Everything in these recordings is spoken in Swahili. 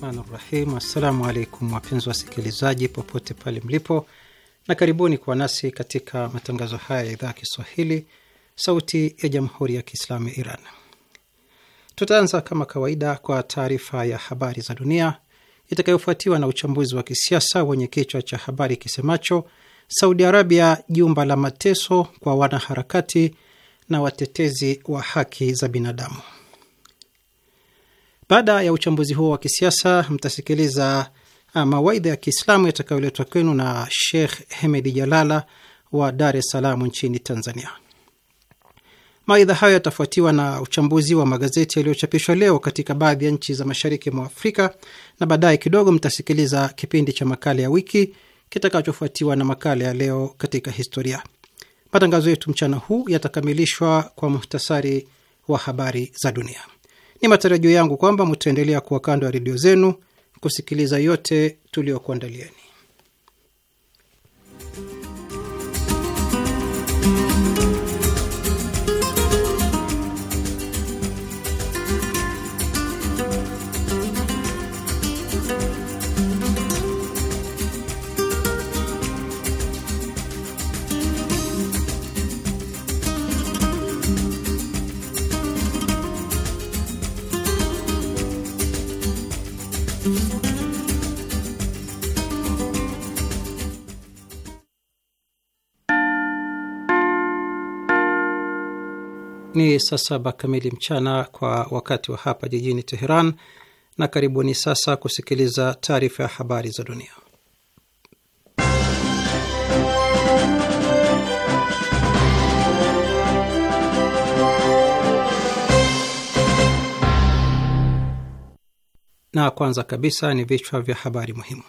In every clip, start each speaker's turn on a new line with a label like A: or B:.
A: rahmani rahim. Assalamu alaikum wapenzi wasikilizaji popote pale mlipo, na karibuni kwa nasi katika matangazo haya ya idhaa ya Kiswahili sauti ya jamhuri ya Kiislamu ya Iran. Tutaanza kama kawaida kwa taarifa ya habari za dunia itakayofuatiwa na uchambuzi wa kisiasa wenye kichwa cha habari kisemacho Saudi Arabia, jumba la mateso kwa wanaharakati na watetezi wa haki za binadamu. Baada ya uchambuzi huo wa kisiasa, mtasikiliza ah, mawaidha ya Kiislamu yatakayoletwa kwenu na Sheikh Hemedi Jalala wa Dar es Salaam nchini Tanzania. Mawaidha hayo yatafuatiwa na uchambuzi wa magazeti yaliyochapishwa leo katika baadhi ya nchi za mashariki mwa Afrika, na baadaye kidogo mtasikiliza kipindi cha makala ya wiki kitakachofuatiwa na makala ya leo katika historia. Matangazo yetu mchana huu yatakamilishwa kwa muhtasari wa habari za dunia. Ni matarajio yangu kwamba mtaendelea kuwa kando ya redio zenu kusikiliza yote tuliyokuandalieni. Ni saa saba kamili mchana kwa wakati wa hapa jijini Teheran, na karibuni sasa kusikiliza taarifa ya habari za dunia. Na kwanza kabisa ni vichwa vya habari muhimu.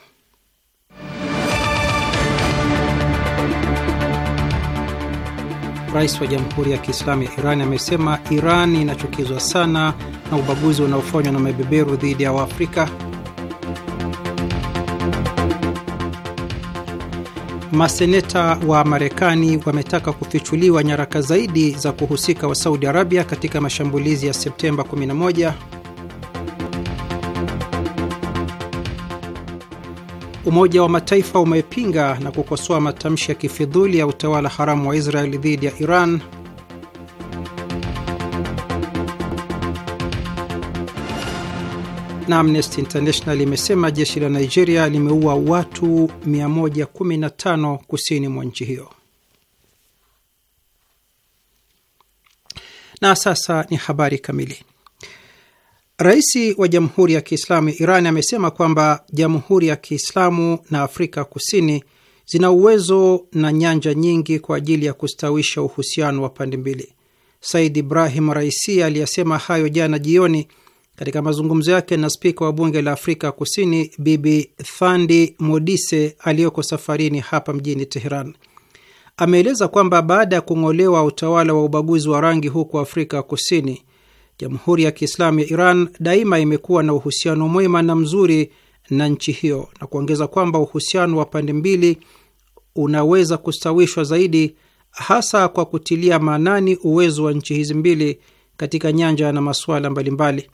A: rais wa Jamhuri ya Kiislamu ya Iran amesema Iran inachukizwa sana na ubaguzi unaofanywa na mabeberu dhidi ya Waafrika. Maseneta wa Marekani wametaka kufichuliwa nyaraka zaidi za kuhusika wa Saudi Arabia katika mashambulizi ya Septemba 11. Umoja wa Mataifa umepinga na kukosoa matamshi ya kifidhuli ya utawala haramu wa Israeli dhidi ya Iran. Na Amnesty International imesema jeshi la Nigeria limeua watu 115 kusini mwa nchi hiyo. Na sasa ni habari kamili. Rais wa Jamhuri ya Kiislamu ya Iran amesema kwamba Jamhuri ya Kiislamu na Afrika Kusini zina uwezo na nyanja nyingi kwa ajili ya kustawisha uhusiano wa pande mbili. Said Ibrahim Raisi aliyasema hayo jana jioni katika mazungumzo yake na spika wa bunge la Afrika Kusini Bibi Thandi Modise aliyoko safarini hapa mjini Teheran. Ameeleza kwamba baada ya kung'olewa utawala wa ubaguzi wa rangi huko Afrika Kusini, Jamhuri ya Kiislamu ya Iran daima imekuwa na uhusiano mwema na mzuri na nchi hiyo, na kuongeza kwamba uhusiano wa pande mbili unaweza kustawishwa zaidi, hasa kwa kutilia maanani uwezo wa nchi hizi mbili katika nyanja na masuala mbalimbali.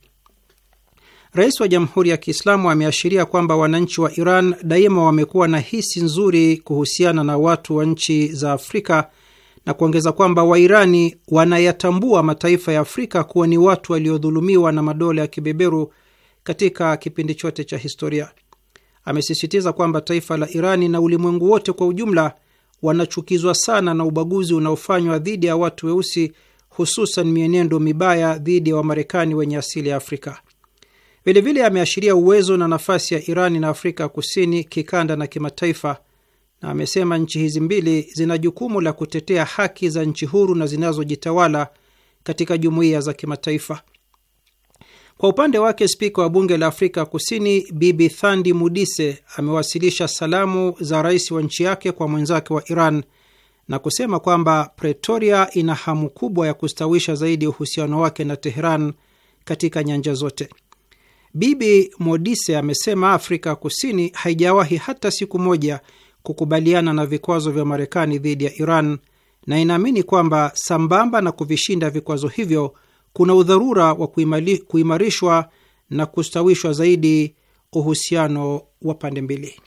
A: Rais wa Jamhuri ya Kiislamu ameashiria kwamba wananchi wa Iran daima wamekuwa na hisi nzuri kuhusiana na watu wa nchi za Afrika na kuongeza kwamba Wairani wanayatambua mataifa ya Afrika kuwa ni watu waliodhulumiwa na madola ya kibeberu katika kipindi chote cha historia. Amesisitiza kwamba taifa la Irani na ulimwengu wote kwa ujumla wanachukizwa sana na ubaguzi unaofanywa dhidi ya watu weusi, hususan mienendo mibaya dhidi ya Wamarekani wenye asili ya Afrika. Vilevile ameashiria uwezo na nafasi ya Irani na Afrika Kusini kikanda na kimataifa na amesema nchi hizi mbili zina jukumu la kutetea haki za nchi huru na zinazojitawala katika jumuiya za kimataifa. Kwa upande wake, spika wa bunge la Afrika Kusini Bibi Thandi Mudise amewasilisha salamu za rais wa nchi yake kwa mwenzake wa Iran na kusema kwamba Pretoria ina hamu kubwa ya kustawisha zaidi uhusiano wake na Teheran katika nyanja zote. Bibi Modise amesema Afrika Kusini haijawahi hata siku moja kukubaliana na vikwazo vya Marekani dhidi ya Iran na inaamini kwamba sambamba na kuvishinda vikwazo hivyo kuna udharura wa kuimali, kuimarishwa na kustawishwa zaidi uhusiano wa pande mbili.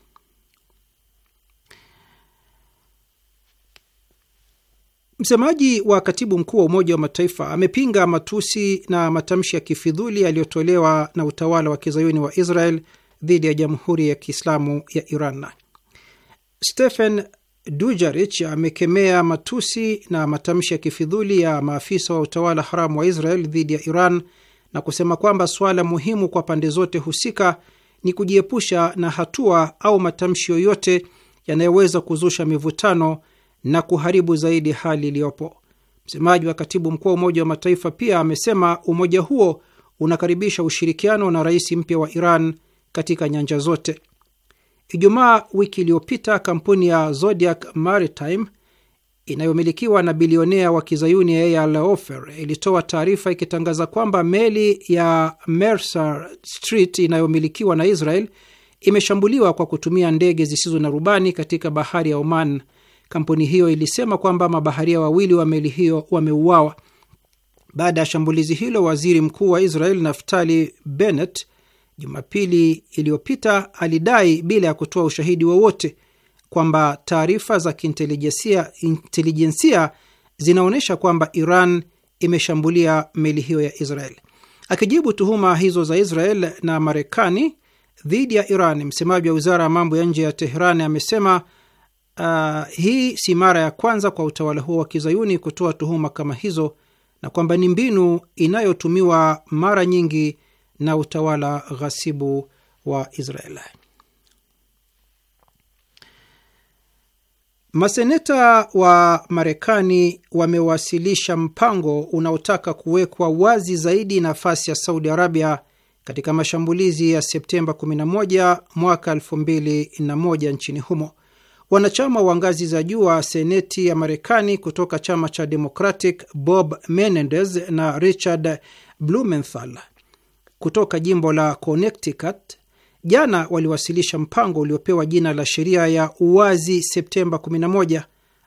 A: Msemaji wa katibu mkuu wa Umoja wa Mataifa amepinga matusi na matamshi ya kifidhuli yaliyotolewa na utawala wa kizayuni wa Israel dhidi ya Jamhuri ya Kiislamu ya Iran. Stephen Dujarich amekemea matusi na matamshi ya kifidhuli ya maafisa wa utawala haramu wa Israel dhidi ya Iran na kusema kwamba suala muhimu kwa pande zote husika ni kujiepusha na hatua au matamshi yoyote yanayoweza kuzusha mivutano na kuharibu zaidi hali iliyopo. Msemaji wa katibu mkuu wa Umoja wa Mataifa pia amesema umoja huo unakaribisha ushirikiano na rais mpya wa Iran katika nyanja zote. Ijumaa wiki iliyopita kampuni ya Zodiac Maritime inayomilikiwa na bilionea wa kizayuni Eyal Ofer ilitoa taarifa ikitangaza kwamba meli ya Mercer Street inayomilikiwa na Israel imeshambuliwa kwa kutumia ndege zisizo na rubani katika bahari ya Oman. Kampuni hiyo ilisema kwamba mabaharia wawili wa meli hiyo wameuawa. Baada ya shambulizi hilo, waziri mkuu wa Israel Naftali Bennett Jumapili iliyopita alidai bila ya kutoa ushahidi wowote kwamba taarifa za kiintelijensia zinaonyesha kwamba Iran imeshambulia meli hiyo ya Israel. Akijibu tuhuma hizo za Israel na Marekani dhidi ya Iran, msemaji wa wizara ya mambo ya nje ya Teheran amesema uh, hii si mara ya kwanza kwa utawala huo wa kizayuni kutoa tuhuma kama hizo na kwamba ni mbinu inayotumiwa mara nyingi na utawala ghasibu wa Israel. Maseneta wa Marekani wamewasilisha mpango unaotaka kuwekwa wazi zaidi nafasi ya Saudi Arabia katika mashambulizi ya Septemba 11 mwaka 2001 nchini humo. Wanachama wa ngazi za juu wa seneti ya Marekani kutoka chama cha Democratic, Bob Menendez na Richard Blumenthal, kutoka jimbo la Connecticut jana waliwasilisha mpango uliopewa jina la sheria ya uwazi Septemba 11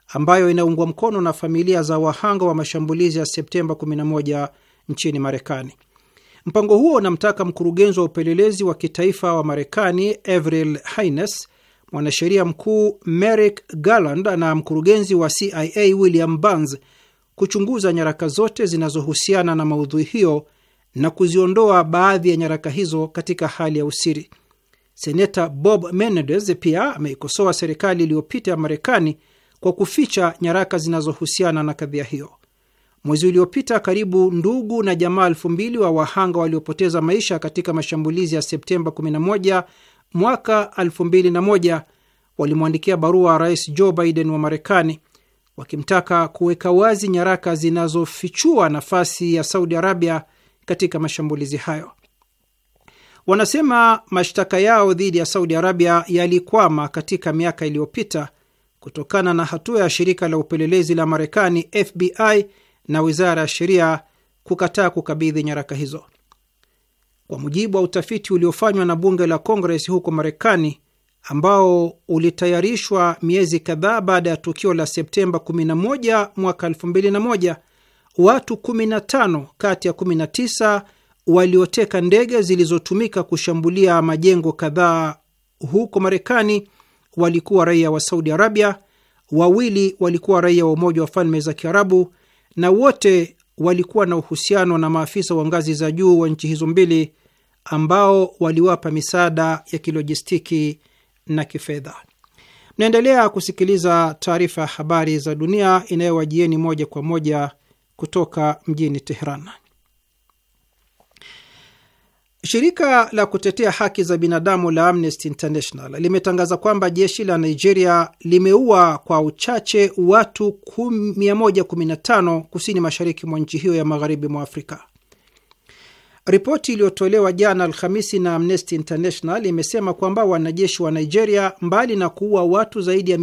A: ambayo inaungwa mkono na familia za wahanga wa mashambulizi ya Septemba 11 nchini Marekani. Mpango huo unamtaka mkurugenzi wa upelelezi wa kitaifa wa Marekani Avril Haines, mwanasheria mkuu Merrick Garland na mkurugenzi wa CIA William Burns kuchunguza nyaraka zote zinazohusiana na maudhui hiyo na kuziondoa baadhi ya nyaraka hizo katika hali ya usiri. Seneta Bob Menendez pia ameikosoa serikali iliyopita ya Marekani kwa kuficha nyaraka zinazohusiana na kadhia hiyo. Mwezi uliopita karibu ndugu na jamaa elfu mbili wa wahanga waliopoteza maisha katika mashambulizi ya Septemba 11 mwaka 2001 walimwandikia barua Rais Joe Biden wa Marekani wakimtaka kuweka wazi nyaraka zinazofichua nafasi ya Saudi Arabia katika mashambulizi hayo. Wanasema mashtaka yao dhidi ya Saudi Arabia yalikwama katika miaka iliyopita kutokana na hatua ya shirika la upelelezi la Marekani FBI na wizara ya sheria kukataa kukabidhi nyaraka hizo. Kwa mujibu wa utafiti uliofanywa na bunge la Kongres huko Marekani, ambao ulitayarishwa miezi kadhaa baada ya tukio la Septemba 11 mwaka 2001, watu 15 kati ya 19 walioteka ndege zilizotumika kushambulia majengo kadhaa huko Marekani walikuwa raia wa Saudi Arabia, wawili walikuwa raia wa Umoja wa Falme za Kiarabu, na wote walikuwa na uhusiano na maafisa wa ngazi za juu wa nchi hizo mbili ambao waliwapa misaada ya kilojistiki na kifedha. Mnaendelea kusikiliza taarifa ya habari za dunia inayowajieni moja kwa moja kutoka mjini Teheran. Shirika la kutetea haki za binadamu la Amnesty International limetangaza kwamba jeshi la Nigeria limeua kwa uchache watu 115 kusini mashariki mwa nchi hiyo ya magharibi mwa Afrika. Ripoti iliyotolewa jana Alhamisi na Amnesty International imesema kwamba wanajeshi wa Nigeria, mbali na kuua watu zaidi ya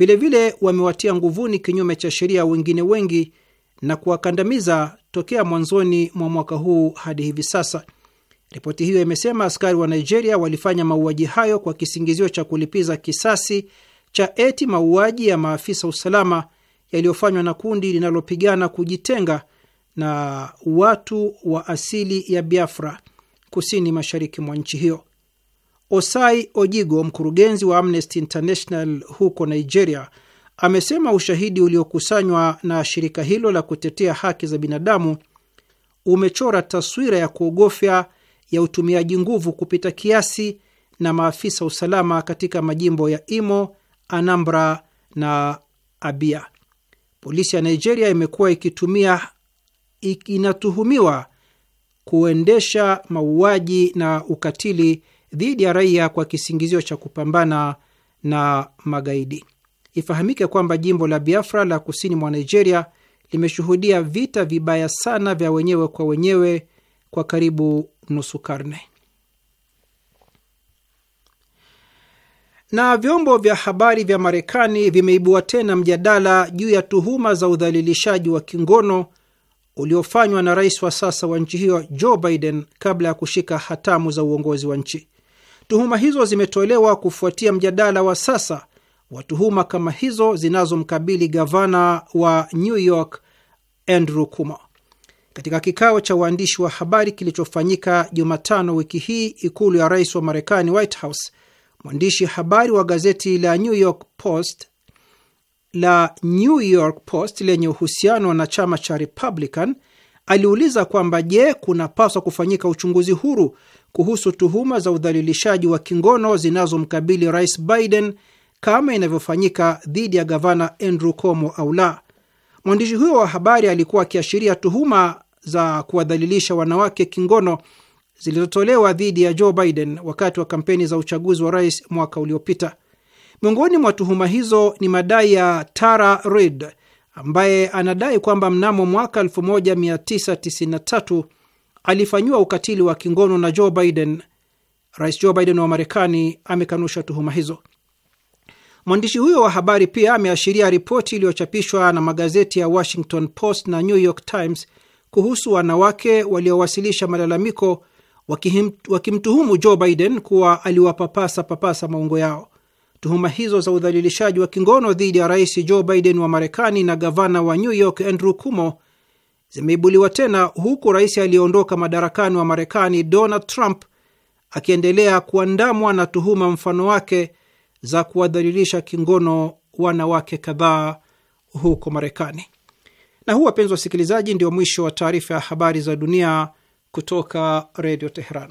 A: Vilevile wamewatia nguvuni kinyume cha sheria wengine wengi na kuwakandamiza tokea mwanzoni mwa mwaka huu hadi hivi sasa. Ripoti hiyo imesema askari wa Nigeria walifanya mauaji hayo kwa kisingizio cha kulipiza kisasi cha eti mauaji ya maafisa usalama yaliyofanywa na kundi linalopigana kujitenga na watu wa asili ya Biafra kusini mashariki mwa nchi hiyo. Osai Ojigo, mkurugenzi wa Amnesty International huko Nigeria, amesema ushahidi uliokusanywa na shirika hilo la kutetea haki za binadamu umechora taswira ya kuogofya ya utumiaji nguvu kupita kiasi na maafisa usalama katika majimbo ya Imo, Anambra na Abia. Polisi ya Nigeria imekuwa ikitumia inatuhumiwa kuendesha mauaji na ukatili dhidi ya raia kwa kisingizio cha kupambana na magaidi. Ifahamike kwamba jimbo la Biafra la kusini mwa Nigeria limeshuhudia vita vibaya sana vya wenyewe kwa wenyewe kwa karibu nusu karne. Na vyombo vya habari vya Marekani vimeibua tena mjadala juu ya tuhuma za udhalilishaji wa kingono uliofanywa na rais wa sasa wa nchi hiyo Joe Biden kabla ya kushika hatamu za uongozi wa nchi. Tuhuma hizo zimetolewa kufuatia mjadala wa sasa wa tuhuma kama hizo zinazomkabili gavana wa New York Andrew Cuomo. Katika kikao cha waandishi wa habari kilichofanyika Jumatano wiki hii ikulu ya rais wa Marekani, White House, mwandishi habari wa gazeti la New York Post la New York Post lenye uhusiano na chama cha Republican aliuliza kwamba je, kunapaswa kufanyika uchunguzi huru kuhusu tuhuma za udhalilishaji wa kingono zinazomkabili Rais Biden kama inavyofanyika dhidi ya gavana Andrew Cuomo au la. Mwandishi huyo wa habari alikuwa akiashiria tuhuma za kuwadhalilisha wanawake kingono zilizotolewa dhidi ya Joe Biden wakati wa kampeni za uchaguzi wa rais mwaka uliopita. Miongoni mwa tuhuma hizo ni madai ya Tara Reid, ambaye anadai kwamba mnamo mwaka 1993 alifanyiwa ukatili wa kingono na Joe Biden. Rais Joe Biden wa Marekani amekanusha tuhuma hizo. Mwandishi huyo wa habari pia ameashiria ripoti iliyochapishwa na magazeti ya Washington Post na New York Times kuhusu wanawake waliowasilisha malalamiko wakimtuhumu Joe Biden kuwa aliwapapasa papasa maungo yao. Tuhuma hizo za udhalilishaji wa kingono dhidi ya rais Joe Biden wa Marekani na gavana wa New York Andrew Cuomo zimeibuliwa tena huku rais aliyeondoka madarakani wa Marekani Donald Trump akiendelea kuandamwa na tuhuma mfano wake za kuwadhalilisha kingono wanawake kadhaa huko Marekani. Na huu, wapenzi wasikilizaji, ndio mwisho wa taarifa ya habari za dunia kutoka Redio Teheran.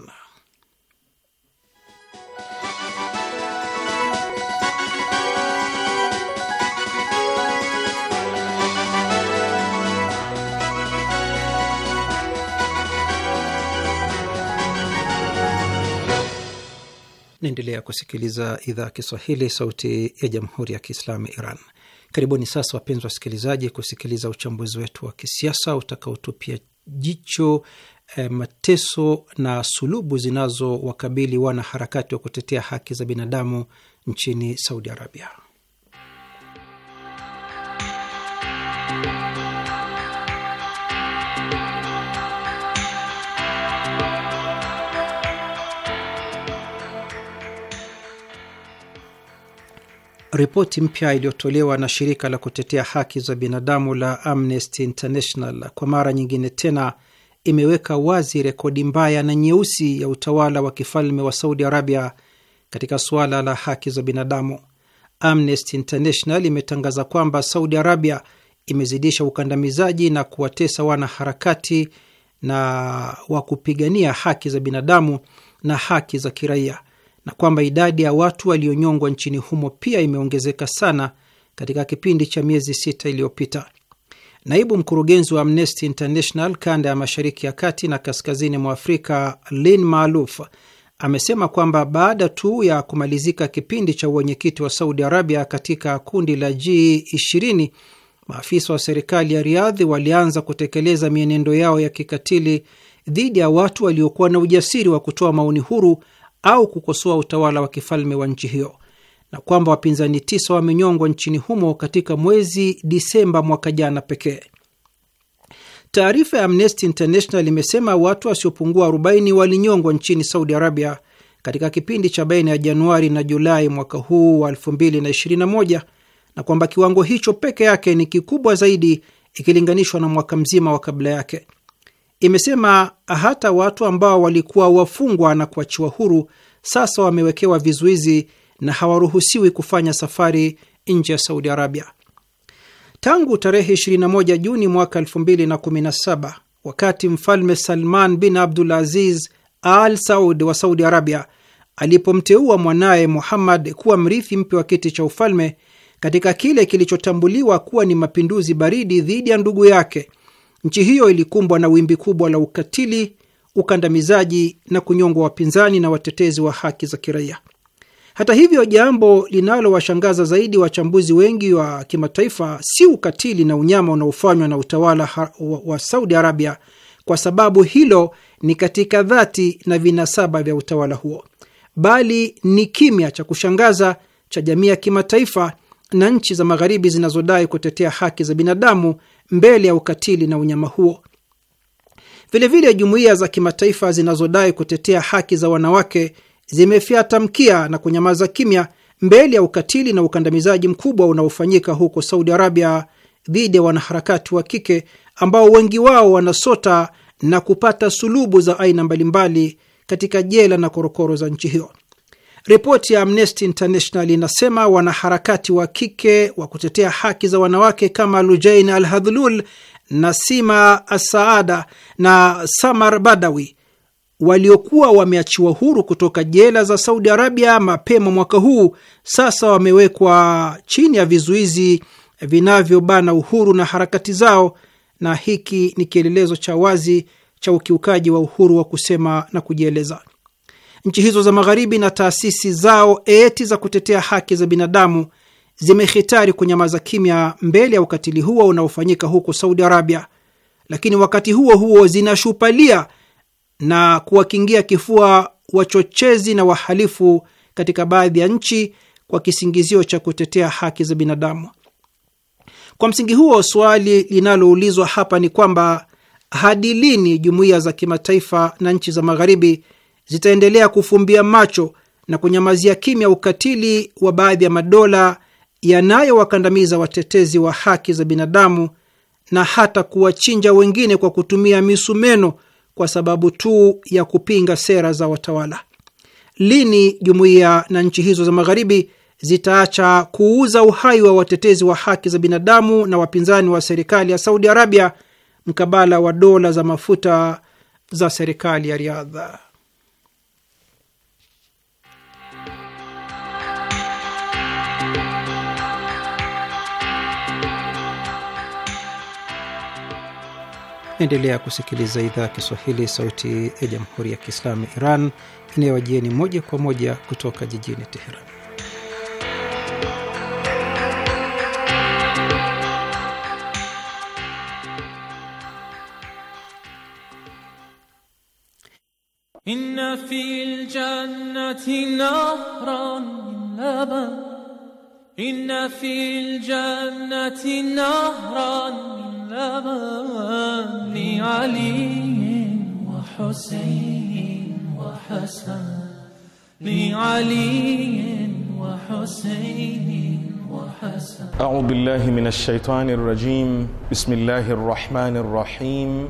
A: Naendelea kusikiliza idhaa ya Kiswahili, sauti ya jamhuri ya kiislamu Iran. Karibuni sasa, wapenzi wasikilizaji, kusikiliza uchambuzi wetu wa kisiasa utakaotupia jicho eh, mateso na sulubu zinazowakabili wanaharakati wa kutetea haki za binadamu nchini Saudi Arabia. Ripoti mpya iliyotolewa na shirika la kutetea haki za binadamu la Amnesty International kwa mara nyingine tena imeweka wazi rekodi mbaya na nyeusi ya utawala wa kifalme wa Saudi Arabia katika suala la haki za binadamu. Amnesty International imetangaza kwamba Saudi Arabia imezidisha ukandamizaji na kuwatesa wanaharakati na wa kupigania haki za binadamu na haki za kiraia na kwamba idadi ya watu walionyongwa nchini humo pia imeongezeka sana katika kipindi cha miezi sita iliyopita. Naibu mkurugenzi wa Amnesty International kanda ya mashariki ya kati na kaskazini mwa Afrika, Lin Maaluf, amesema kwamba baada tu ya kumalizika kipindi cha uwenyekiti wa Saudi Arabia katika kundi la G20, maafisa wa serikali ya Riadhi walianza kutekeleza mienendo yao ya kikatili dhidi ya watu waliokuwa na ujasiri wa kutoa maoni huru au kukosoa utawala wa kifalme wa nchi hiyo na kwamba wapinzani tisa wamenyongwa nchini humo katika mwezi Disemba mwaka jana pekee. Taarifa ya Amnesty International imesema watu wasiopungua 40 walinyongwa nchini Saudi Arabia katika kipindi cha baina ya Januari na Julai mwaka huu wa 2021 na kwamba kiwango hicho peke yake ni kikubwa zaidi ikilinganishwa na mwaka mzima wa kabla yake imesema hata watu ambao walikuwa wafungwa na kuachiwa huru sasa wamewekewa vizuizi na hawaruhusiwi kufanya safari nje ya Saudi Arabia. Tangu tarehe 21 Juni mwaka 2017 wakati Mfalme Salman bin Abdul Aziz Al Saud wa Saudi Arabia alipomteua mwanaye Muhammad kuwa mrithi mpya wa kiti cha ufalme katika kile kilichotambuliwa kuwa ni mapinduzi baridi dhidi ya ndugu yake Nchi hiyo ilikumbwa na wimbi kubwa la ukatili, ukandamizaji na kunyongwa wapinzani na watetezi wa haki za kiraia. Hata hivyo, jambo linalowashangaza zaidi wachambuzi wengi wa kimataifa si ukatili na unyama unaofanywa na utawala wa Saudi Arabia, kwa sababu hilo ni katika dhati na vinasaba vya utawala huo, bali ni kimya cha kushangaza cha jamii ya kimataifa na nchi za Magharibi zinazodai kutetea haki za binadamu mbele ya ukatili na unyama huo. Vilevile, jumuiya za kimataifa zinazodai kutetea haki za wanawake zimefyata mkia na kunyamaza kimya mbele ya ukatili na ukandamizaji mkubwa unaofanyika huko Saudi Arabia dhidi ya wanaharakati wa kike ambao wengi wao wanasota na kupata sulubu za aina mbalimbali katika jela na korokoro za nchi hiyo. Ripoti ya Amnesty International inasema wanaharakati wa kike wa kutetea haki za wanawake kama Lujain Al Hadhlul, Nasima Asaada na Samar Badawi waliokuwa wameachiwa huru kutoka jela za Saudi Arabia mapema mwaka huu, sasa wamewekwa chini ya vizuizi vinavyobana uhuru na harakati zao, na hiki ni kielelezo cha wazi cha ukiukaji wa uhuru wa kusema na kujieleza. Nchi hizo za Magharibi na taasisi zao eti za kutetea haki za binadamu zimehitari kunyamaza kimya mbele ya ukatili huo unaofanyika huko Saudi Arabia, lakini wakati huo huo zinashupalia na kuwakingia kifua wachochezi na wahalifu katika baadhi ya nchi kwa kisingizio cha kutetea haki za binadamu. Kwa msingi huo, swali linaloulizwa hapa ni kwamba hadi lini jumuiya za kimataifa na nchi za Magharibi zitaendelea kufumbia macho na kunyamazia kimya ukatili wa baadhi ya madola yanayowakandamiza watetezi wa haki za binadamu na hata kuwachinja wengine kwa kutumia misumeno kwa sababu tu ya kupinga sera za watawala. Lini jumuiya na nchi hizo za magharibi zitaacha kuuza uhai wa watetezi wa haki za binadamu na wapinzani wa serikali ya Saudi Arabia mkabala wa dola za mafuta za serikali ya Riadha? Naendelea kusikiliza idhaa ya Kiswahili, sauti ya jamhuri ya kiislamu Iran inayowajieni moja kwa moja kutoka jijini Teheran.
B: Inna fil jannati nahran min laban إن في الجنة نهرا من لبن لعلي وحسين وحسن لعلي وحسين وحسن
C: أعوذ بالله من الشيطان الرجيم بسم الله الرحمن الرحيم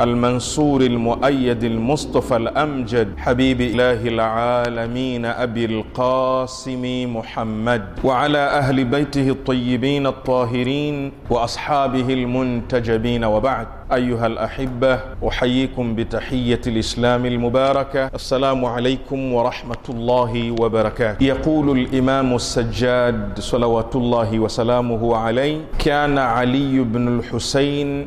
C: المنصور المؤيد المصطفى الامجد حبيب اله العالمين ابي القاسم محمد وعلى اهل بيته الطيبين الطاهرين واصحابه المنتجبين وبعد ايها الاحبه احييكم بتحيه الاسلام المباركه السلام عليكم ورحمه الله وبركاته يقول الامام السجاد صلوات الله وسلامه عليه كان علي بن الحسين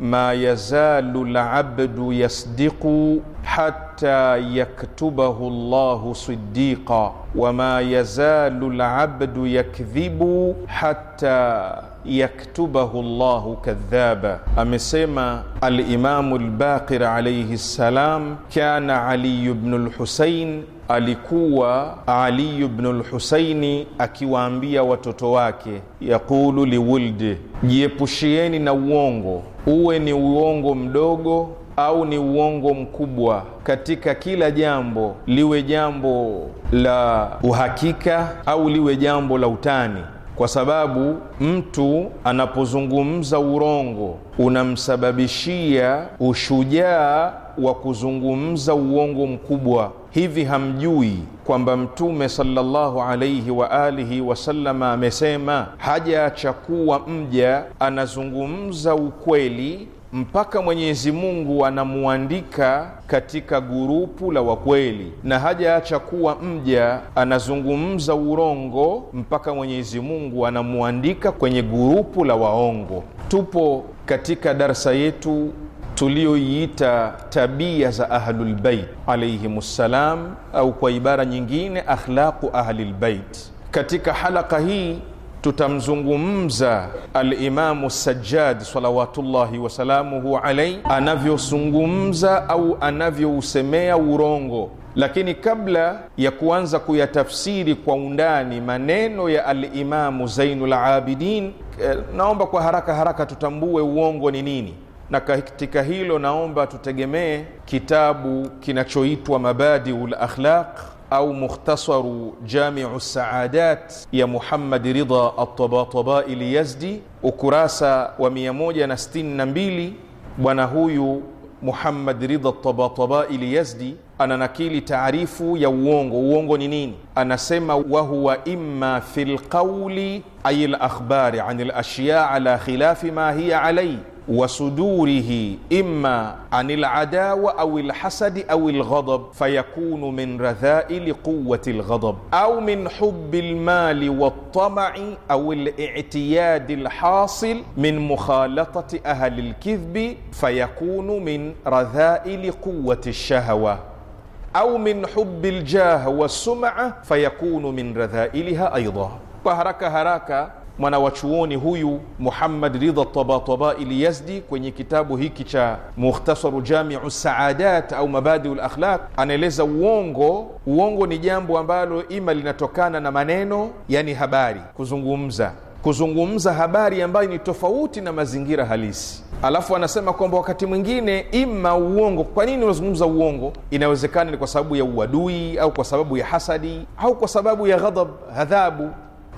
C: ma yazalu labdu yasdiqu hatta yaktubahu llahu sidiqa wama yazalu labdu yakdhibu hatta yaktubahu llahu kadhaba. Amesema Alimamu Lbaqir alaihi ssalam, kana Aliyu bnu Lhusain, alikuwa Aliyu bnu Lhusaini akiwaambia watoto wake, yaqulu liwuldi, jiepushieni na uongo uwe ni uongo mdogo au ni uongo mkubwa, katika kila jambo, liwe jambo la uhakika au liwe jambo la utani, kwa sababu mtu anapozungumza urongo unamsababishia ushujaa wa kuzungumza uongo mkubwa. Hivi hamjui kwamba Mtume sallallahu alaihi wa alihi wasallama amesema, hajaacha kuwa mja anazungumza ukweli mpaka Mwenyezi Mungu anamuandika katika gurupu la wakweli, na hajaacha kuwa mja anazungumza urongo mpaka Mwenyezi Mungu anamuandika kwenye gurupu la waongo. Tupo katika darsa yetu tuliyoiita tabia za Ahlulbeit alaihim ssalam, au kwa ibara nyingine akhlaqu Ahlilbeit. Katika halaka hii tutamzungumza Alimamu Sajjad salawatullahi wasalamuhu alaihi anavyozungumza au anavyousemea urongo lakini kabla ya kuanza kuyatafsiri kwa undani maneno ya Alimamu Zainul Abidin, eh, naomba kwa haraka haraka tutambue uongo ni nini na katika hilo naomba tutegemee kitabu kinachoitwa Mabadiul Akhlaq au Mukhtasaru Jamiu Saadat ya Muhammad Ridha Atabatabai Yazdi, ukurasa wa 162. Bwana huyu Muhammad Ridha Tabatabai Yazdi ananakili taarifu ya uongo. Uongo ni nini? Anasema wahuwa imma fi lqauli ay lakhbari an lashyaa ala khilafi ma hiya alaihi وصدوره إما عن العداوة أو الحسد أو الغضب فيكون من رذائل قوة الغضب أو من حب المال والطمع أو الاعتياد الحاصل من مخالطة أهل الكذب فيكون من رذائل قوة الشهوة أو من حب الجاه والسمعة فيكون من رذائلها أيضا kwa haraka mwanawachuoni huyu Muhammad Ridha Tabatabai Yazdi kwenye kitabu hiki cha Mukhtasaru Jamiu Saadat au Mabadiu Lakhlaq anaeleza uongo. Uongo ni jambo ambalo ima linatokana na maneno, yani habari, kuzungumza kuzungumza habari ambayo ni tofauti na mazingira halisi. Alafu anasema kwamba wakati mwingine ima uongo. Kwa nini unazungumza uongo? Inawezekana ni kwa sababu ya uadui au kwa sababu ya hasadi au kwa sababu ya ghadhab, hadhabu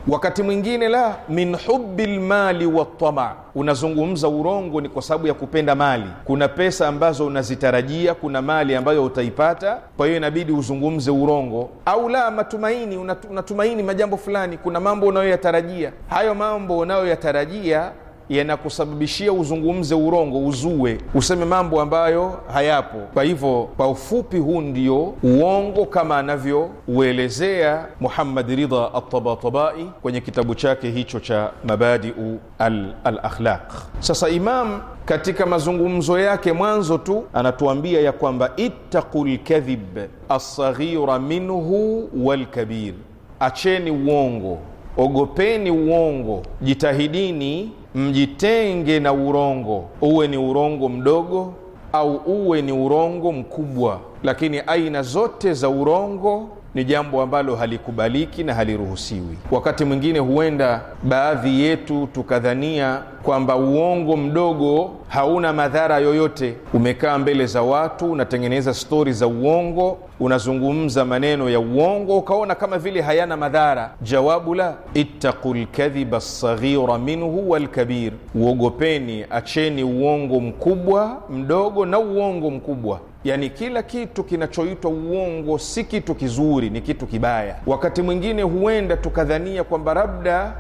C: wakati mwingine la min hubi lmali watama, unazungumza urongo ni kwa sababu ya kupenda mali. Kuna pesa ambazo unazitarajia, kuna mali ambayo utaipata, kwa hiyo inabidi uzungumze urongo. Au la matumaini, unatumaini majambo fulani, kuna mambo unayoyatarajia, hayo mambo unayoyatarajia yanakusababishia uzungumze urongo, uzue, useme mambo ambayo hayapo. Kwa hivyo, kwa ufupi, huu ndio uongo kama anavyouelezea Muhammad Ridha Altabatabai kwenye kitabu chake hicho cha Mabadiu Alakhlaq al sasa Imam katika mazungumzo yake mwanzo tu anatuambia ya kwamba ittaqu lkadhib alsaghira minhu walkabir, acheni uongo, ogopeni uongo, jitahidini mjitenge na urongo, uwe ni urongo mdogo au uwe ni urongo mkubwa, lakini aina zote za urongo ni jambo ambalo halikubaliki na haliruhusiwi. Wakati mwingine huenda baadhi yetu tukadhania kwamba uongo mdogo hauna madhara yoyote. Umekaa mbele za watu, unatengeneza stori za uongo, unazungumza maneno ya uongo, ukaona kama vile hayana madhara. Jawabu la ittaqu lkadhiba lsaghira minhu walkabir, uogopeni, acheni uongo mkubwa, mdogo na uongo mkubwa yaani kila kitu kinachoitwa uongo si kitu kizuri, ni kitu kibaya. Wakati mwingine huenda tukadhania kwamba labda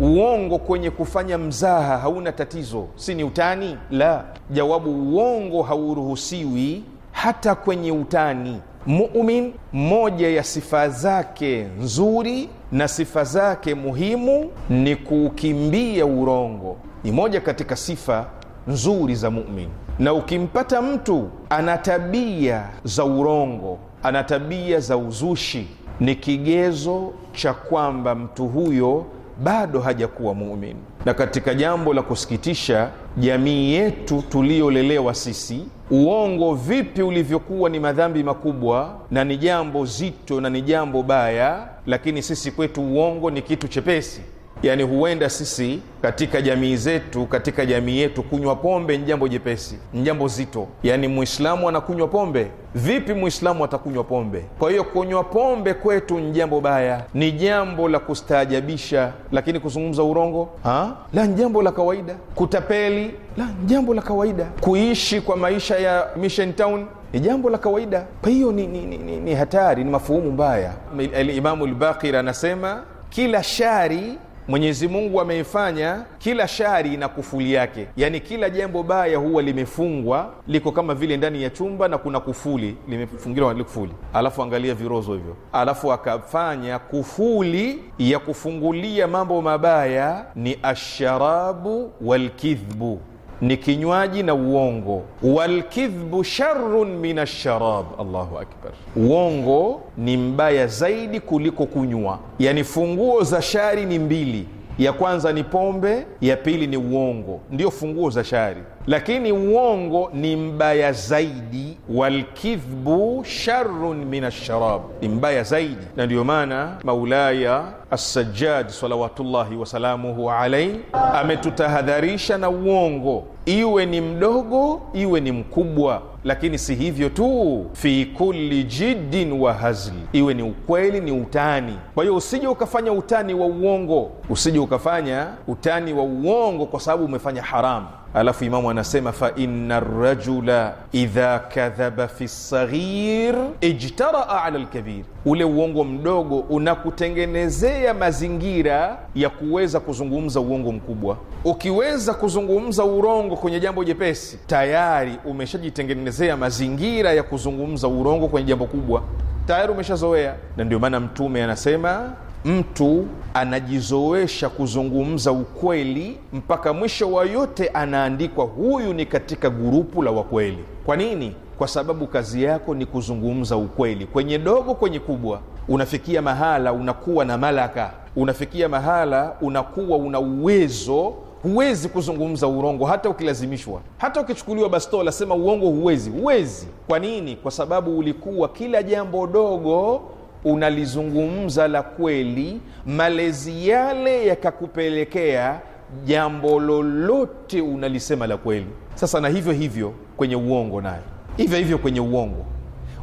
C: uongo kwenye kufanya mzaha hauna tatizo, si ni utani? La, jawabu uongo hauruhusiwi hata kwenye utani. Mumin, moja ya sifa zake nzuri na sifa zake muhimu ni kuukimbia urongo, ni moja katika sifa nzuri za mumin na ukimpata mtu ana tabia za urongo, ana tabia za uzushi, ni kigezo cha kwamba mtu huyo bado hajakuwa muumini. Na katika jambo la kusikitisha, jamii yetu tuliyolelewa sisi, uongo vipi ulivyokuwa ni madhambi makubwa na ni jambo zito na ni jambo baya, lakini sisi kwetu uongo ni kitu chepesi yani huenda sisi katika jamii zetu katika jamii yetu kunywa pombe ni jambo jepesi ni jambo zito yani mwislamu anakunywa pombe vipi mwislamu atakunywa pombe kwa hiyo kunywa pombe kwetu ni jambo baya ni jambo la kustaajabisha lakini kuzungumza urongo ha? la ni jambo la kawaida kutapeli la ni jambo la kawaida kuishi kwa maisha ya mission town ni jambo la kawaida kwa hiyo ni, ni, ni, ni, ni hatari ni mafuhumu mbaya alimamu lbakir anasema kila shari Mwenyezi Mungu ameifanya kila shari na kufuli yake, yaani kila jambo baya huwa limefungwa, liko kama vile ndani ya chumba na kuna kufuli limefungiwa na kufuli, alafu angalia virozo hivyo, alafu akafanya kufuli ya kufungulia mambo mabaya ni asharabu walkidhbu ni kinywaji na uongo. Walkidhbu sharun min alsharab, Allahu akbar. Uongo ni mbaya zaidi kuliko kunywa. Yani funguo za shari ni mbili, ya kwanza ni pombe, ya pili ni uongo, ndiyo funguo za shari lakini uongo ni mbaya zaidi, walkidhbu sharun min alsharab, ni mbaya zaidi. Na ndiyo maana Maulaya Assajjad salawatullahi wasalamuhu alaih ametutahadharisha na uongo, iwe ni mdogo iwe ni mkubwa. Lakini si hivyo tu, fi kulli jiddin wa hazli, iwe ni ukweli ni utani. Kwa hiyo usije ukafanya utani wa uongo, usije ukafanya utani wa uongo kwa sababu umefanya haramu alafu imamu anasema fa inna rajula idha kadhaba fi lsaghir ijtaraa ala lkabir, ule uongo mdogo unakutengenezea mazingira ya kuweza kuzungumza uongo mkubwa. Ukiweza kuzungumza urongo kwenye jambo jepesi, tayari umeshajitengenezea mazingira ya kuzungumza urongo kwenye jambo kubwa, tayari umeshazoea. Na ndio maana Mtume anasema mtu anajizowesha kuzungumza ukweli mpaka mwisho wa yote anaandikwa huyu ni katika gurupu la wakweli. Kwa nini? Kwa sababu kazi yako ni kuzungumza ukweli, kwenye dogo, kwenye kubwa. Unafikia mahala unakuwa na malaka, unafikia mahala unakuwa una uwezo Huwezi kuzungumza urongo hata ukilazimishwa, hata ukichukuliwa bastola, sema uongo, huwezi, huwezi. Kwa nini? Kwa sababu ulikuwa kila jambo dogo unalizungumza la kweli, malezi yale yakakupelekea jambo lolote unalisema la kweli. Sasa na hivyo hivyo kwenye uongo, nayo hivyo hivyo kwenye uongo,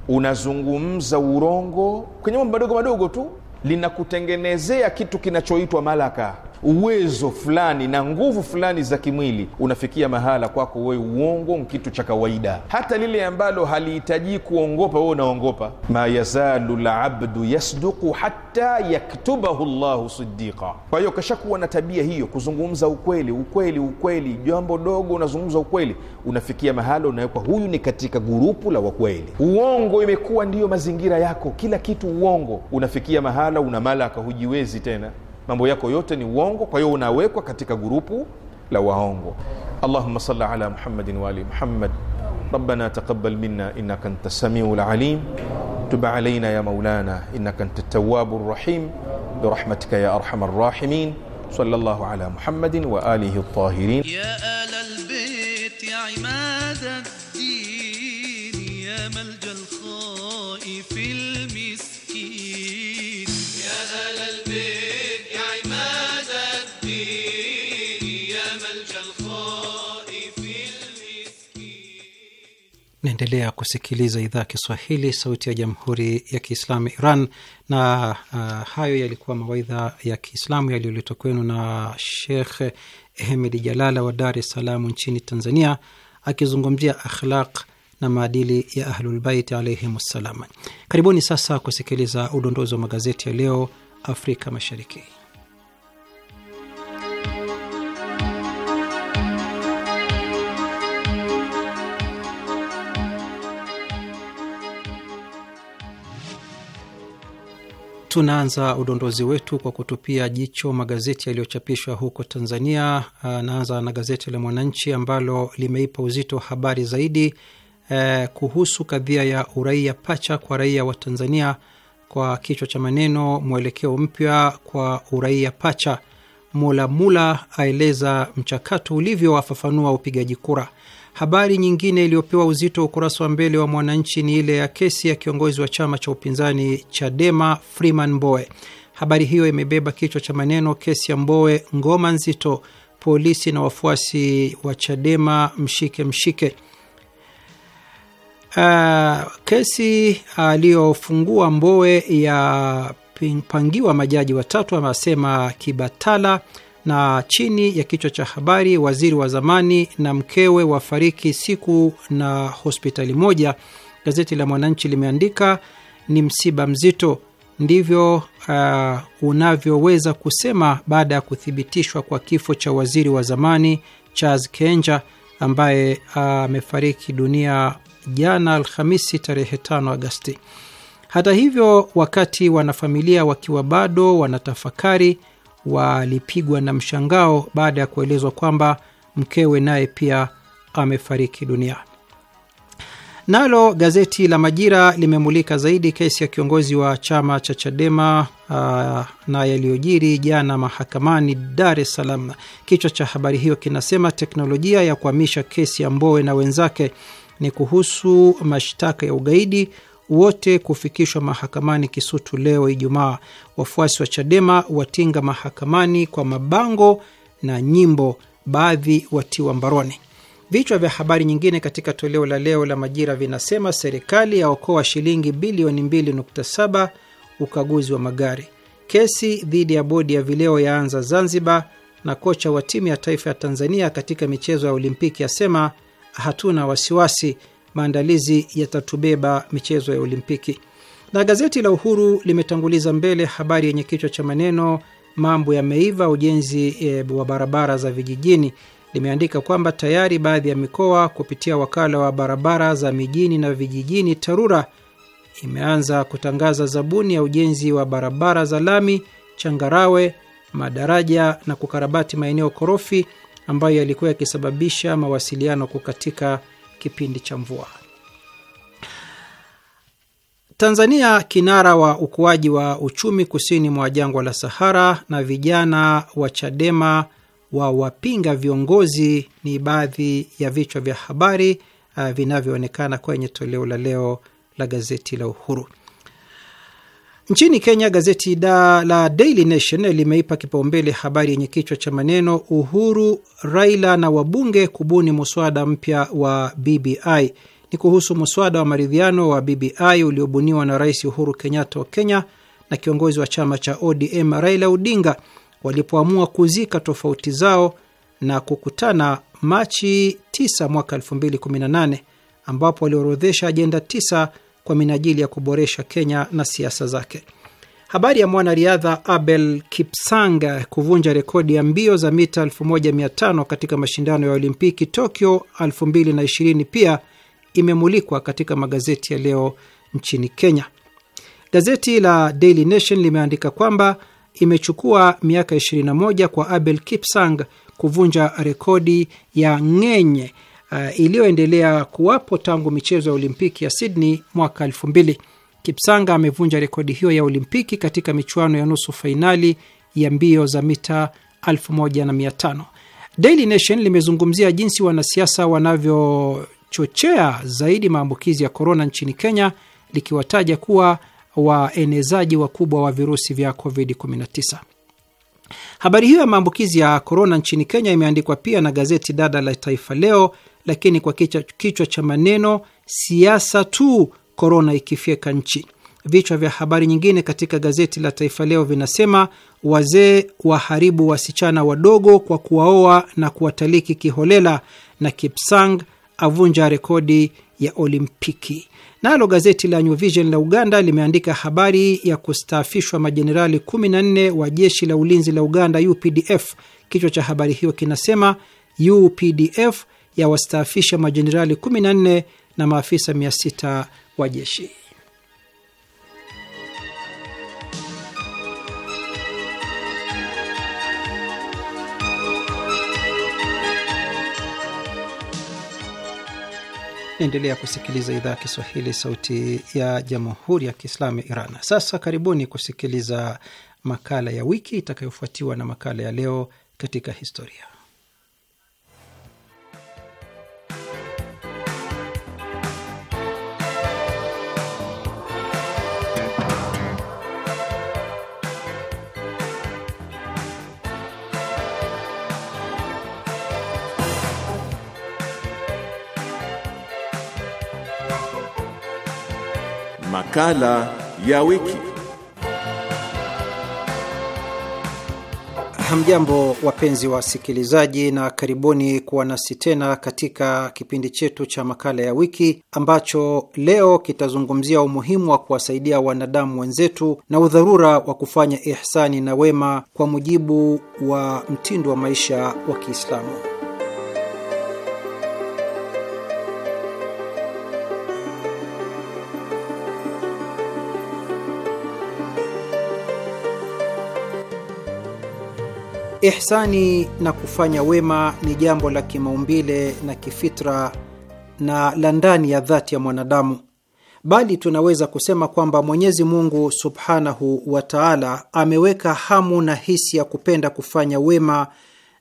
C: unazungumza urongo kwenye mambo madogo madogo tu, linakutengenezea kitu kinachoitwa malaka uwezo fulani na nguvu fulani za kimwili, unafikia mahala kwako wewe uongo ni kitu cha kawaida, hata lile ambalo halihitajii kuongopa wewe unaongopa. ma yazalu labdu yasduqu hata yaktubahu llahu sidiqa. Kwa hiyo kashakuwa na tabia hiyo, kuzungumza ukweli, ukweli, ukweli, jambo dogo unazungumza ukweli, unafikia mahala unawekwa huyu ni katika gurupu la wakweli. Uongo imekuwa ndiyo mazingira yako, kila kitu uongo. Unafikia mahala una malaka, hujiwezi tena mambo yako yote ni uongo kwa hiyo unawekwa katika gurupu la waongo allahuma sali ala muhammadin waali muhammad ربنا تقبل منا انك انت السميع العليم تب علينا يا مولانا انك انت التواب الرحيم برحمتك يا ارحم الراحمين صلى الله على محمد واله الطاهرين
B: يا
A: Mnaendelea kusikiliza idhaa ya Kiswahili, sauti ya jamhuri ya kiislamu Iran. Na uh, hayo yalikuwa mawaidha ya kiislamu yaliyoletwa kwenu na Shekh Ahmed Jalala wa Dar es Salaam nchini Tanzania, akizungumzia akhlaq na maadili ya Ahlulbait alaihim ssalam. Karibuni sasa kusikiliza udondozi wa magazeti ya leo Afrika Mashariki. Tunaanza udondozi wetu kwa kutupia jicho magazeti yaliyochapishwa huko Tanzania. Ah, naanza na gazeti la Mwananchi ambalo limeipa uzito habari zaidi eh, kuhusu kadhia ya uraia pacha kwa raia wa Tanzania kwa kichwa cha maneno mwelekeo mpya kwa uraia pacha, Mulamula aeleza mchakato ulivyo, afafanua upigaji kura. Habari nyingine iliyopewa uzito wa ukurasa wa mbele wa Mwananchi ni ile ya kesi ya kiongozi wa chama cha upinzani Chadema Freeman Mbowe. Habari hiyo imebeba kichwa cha maneno, kesi ya Mbowe ngoma nzito, polisi na wafuasi wa Chadema mshike mshike. Uh, kesi aliyofungua uh, Mbowe yapangiwa majaji watatu, amesema Kibatala na chini ya kichwa cha habari waziri wa zamani na mkewe wafariki siku na hospitali moja, gazeti la Mwananchi limeandika ni msiba mzito. Ndivyo uh, unavyoweza kusema baada ya kuthibitishwa kwa kifo cha waziri wa zamani Charles Kenja ambaye uh, amefariki uh, dunia jana Alhamisi tarehe 5 Agasti. Hata hivyo, wakati wanafamilia wakiwa bado wanatafakari walipigwa na mshangao baada ya kuelezwa kwamba mkewe naye pia amefariki dunia. Nalo gazeti la Majira limemulika zaidi kesi ya kiongozi wa chama cha Chadema ah, na yaliyojiri jana mahakamani Dar es Salaam. Kichwa cha habari hiyo kinasema teknolojia ya kuhamisha kesi ya Mbowe na wenzake ni kuhusu mashtaka ya ugaidi, wote kufikishwa mahakamani Kisutu leo Ijumaa. Wafuasi wa Chadema watinga mahakamani kwa mabango na nyimbo, baadhi watiwa mbaroni. Vichwa vya habari nyingine katika toleo la leo la Majira vinasema serikali yaokoa shilingi bilioni 2.7 ukaguzi wa magari, kesi dhidi ya bodi ya vileo yaanza Zanzibar, na kocha wa timu ya taifa ya Tanzania katika michezo ya Olimpiki asema hatuna wasiwasi maandalizi yatatubeba michezo ya Olimpiki. Na gazeti la Uhuru limetanguliza mbele habari yenye kichwa cha maneno mambo yameiva ujenzi e, wa barabara za vijijini. Limeandika kwamba tayari baadhi ya mikoa kupitia wakala wa barabara za mijini na vijijini TARURA imeanza kutangaza zabuni ya ujenzi wa barabara za lami, changarawe, madaraja na kukarabati maeneo korofi ambayo yalikuwa yakisababisha mawasiliano kukatika kipindi cha mvua. Tanzania kinara wa ukuaji wa uchumi kusini mwa jangwa la Sahara, na vijana wa Chadema wa wapinga viongozi ni baadhi ya vichwa vya habari uh, vinavyoonekana kwenye toleo la leo la gazeti la Uhuru. Nchini Kenya, gazeti da la Daily Nation limeipa kipaumbele habari yenye kichwa cha maneno Uhuru, Raila na wabunge kubuni muswada mpya wa BBI. Ni kuhusu muswada wa maridhiano wa BBI uliobuniwa na Rais Uhuru Kenyatta wa Kenya na kiongozi wa chama cha ODM Raila Odinga walipoamua kuzika tofauti zao na kukutana Machi 9 mwaka 2018 ambapo waliorodhesha ajenda kwa minajili ya kuboresha Kenya na siasa zake. Habari ya mwanariadha Abel kipsang kuvunja rekodi ya mbio za mita 1500 katika mashindano ya Olimpiki Tokyo 2020 pia imemulikwa katika magazeti ya leo nchini Kenya. Gazeti la Daily Nation limeandika kwamba imechukua miaka 21 kwa Abel Kipsang kuvunja rekodi ya ng'enye uh, iliyoendelea kuwapo tangu michezo ya Olimpiki ya Sydney mwaka elfu mbili. Kipsanga amevunja rekodi hiyo ya Olimpiki katika michuano ya nusu fainali ya mbio za mita 1500. Daily Nation limezungumzia jinsi wanasiasa wanavyochochea zaidi maambukizi ya korona nchini Kenya, likiwataja kuwa waenezaji wakubwa wa virusi vya COVID-19. Habari hiyo ya maambukizi ya korona nchini Kenya imeandikwa pia na gazeti dada la Taifa Leo lakini kwa kichwa, kichwa cha maneno siasa tu korona ikifyeka nchi. Vichwa vya habari nyingine katika gazeti la Taifa Leo vinasema wazee waharibu wasichana wadogo kwa kuwaoa na kuwataliki kiholela, na Kipsang avunja rekodi ya Olimpiki. Nalo gazeti la New Vision la Uganda limeandika habari ya kustaafishwa majenerali 14 wa jeshi la ulinzi la Uganda, UPDF. Kichwa cha habari hiyo kinasema UPDF yawastaafisha majenerali 14 na maafisa 600 wa jeshi. Naendelea kusikiliza idhaa ya Kiswahili, sauti ya jamhuri ya kiislamu ya Iran. Sasa karibuni kusikiliza makala ya wiki itakayofuatiwa na makala ya leo katika historia.
D: Makala ya wiki.
A: Hamjambo, wapenzi wa wasikilizaji, na karibuni kuwa nasi tena katika kipindi chetu cha makala ya wiki ambacho leo kitazungumzia umuhimu wa kuwasaidia wanadamu wenzetu na udharura wa kufanya ihsani na wema kwa mujibu wa mtindo wa maisha wa Kiislamu. Ihsani na kufanya wema ni jambo la kimaumbile na kifitra na la ndani ya dhati ya mwanadamu, bali tunaweza kusema kwamba Mwenyezi Mungu subhanahu wa taala ameweka hamu na hisi ya kupenda kufanya wema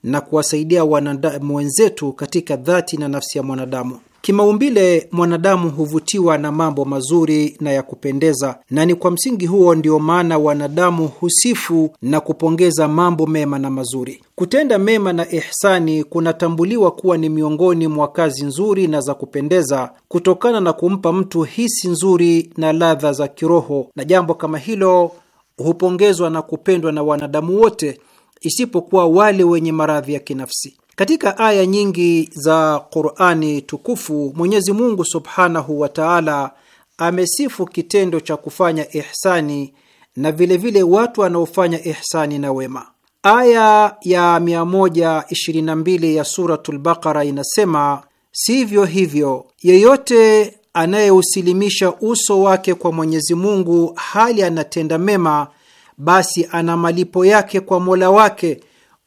A: na kuwasaidia wanadamu wenzetu katika dhati na nafsi ya mwanadamu. Kimaumbile mwanadamu huvutiwa na mambo mazuri na ya kupendeza, na ni kwa msingi huo ndio maana wanadamu husifu na kupongeza mambo mema na mazuri. Kutenda mema na ihsani kunatambuliwa kuwa ni miongoni mwa kazi nzuri na za kupendeza kutokana na kumpa mtu hisi nzuri na ladha za kiroho, na jambo kama hilo hupongezwa na kupendwa na wanadamu wote isipokuwa wale wenye maradhi ya kinafsi. Katika aya nyingi za Qurani tukufu Mwenyezi Mungu subhanahu wa taala amesifu kitendo cha kufanya ihsani na vilevile vile watu wanaofanya ihsani na wema. Aya ya 122 ya Suratul Baqara inasema, sivyo hivyo, yeyote anayeusilimisha uso wake kwa Mwenyezi Mungu hali anatenda mema, basi ana malipo yake kwa Mola wake